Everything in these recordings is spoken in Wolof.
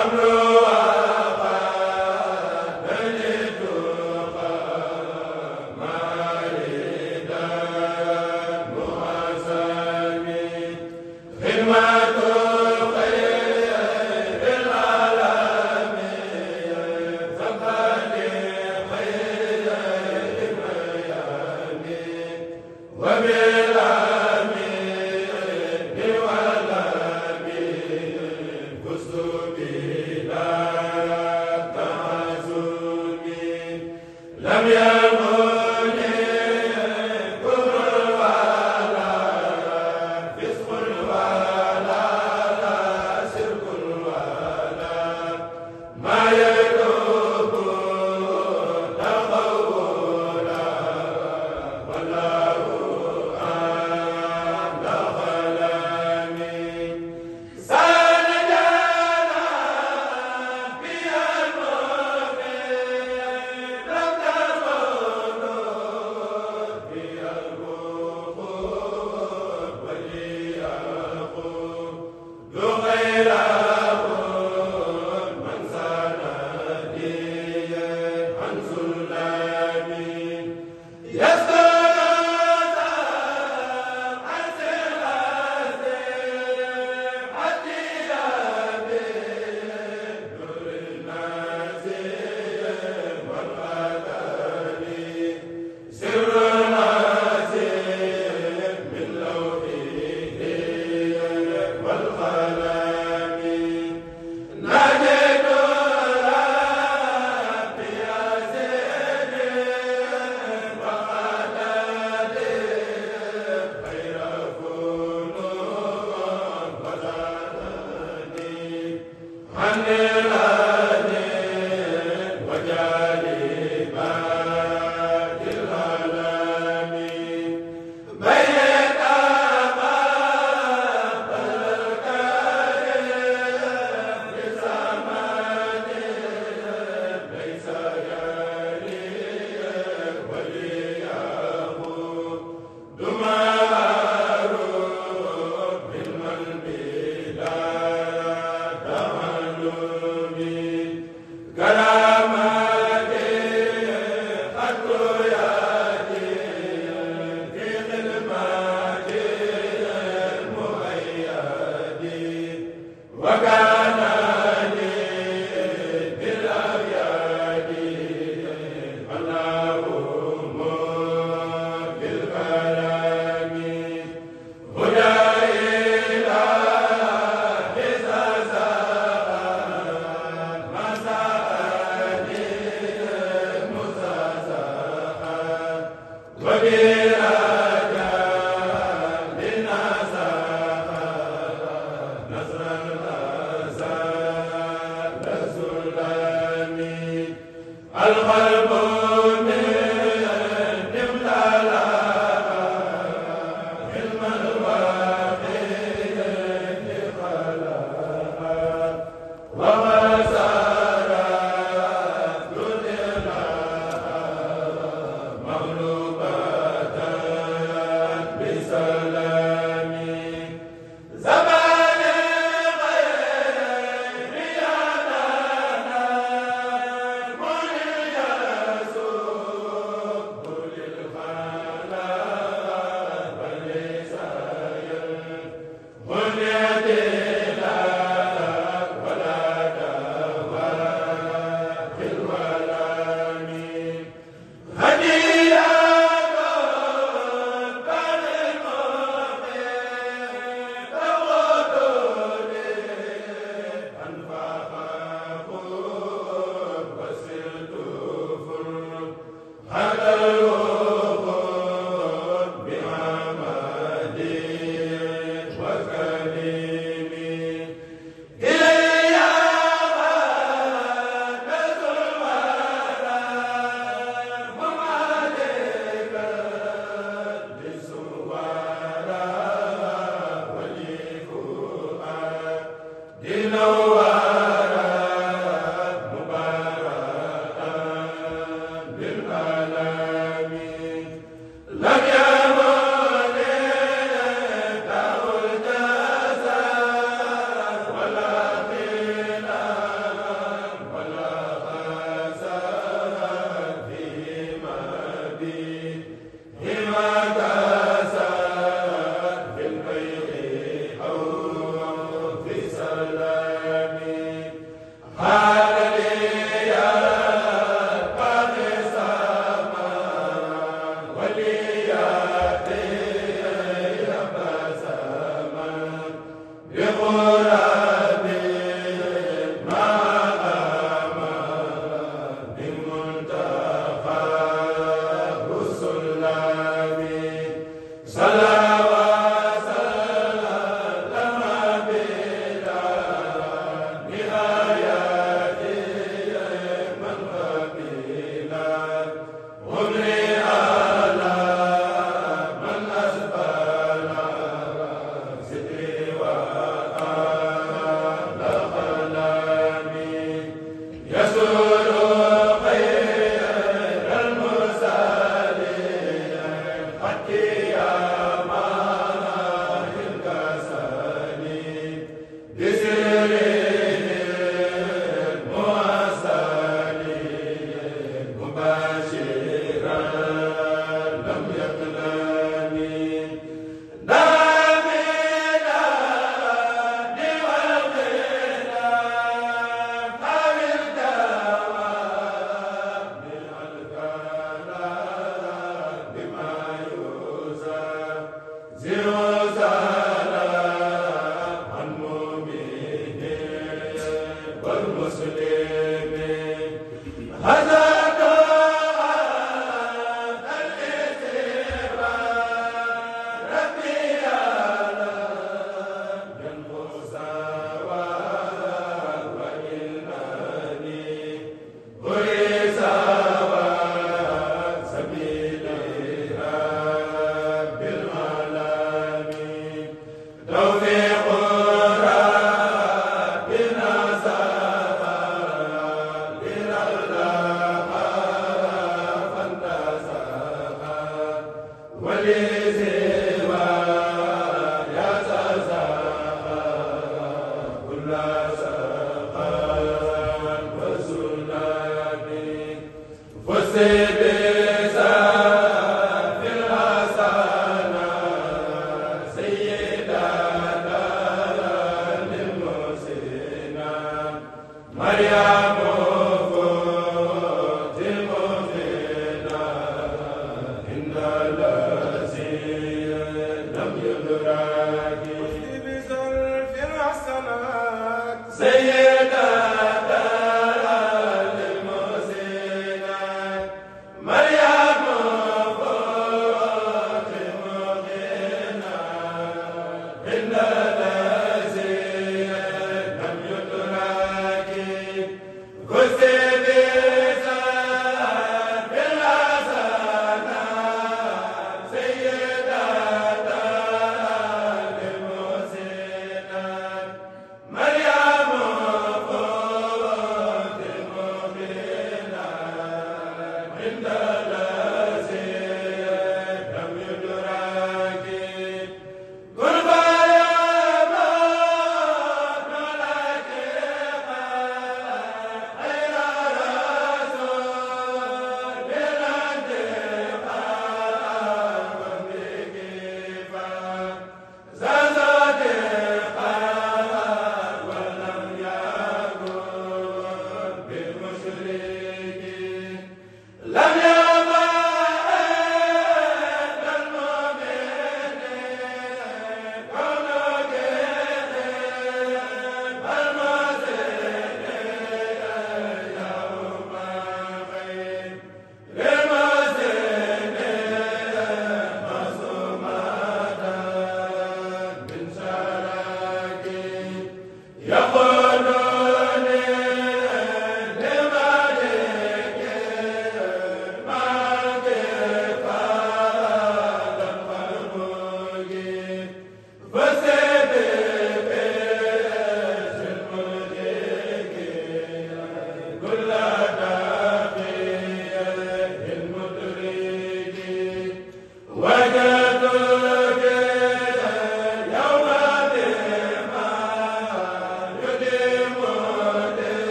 Amru wa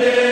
Amen.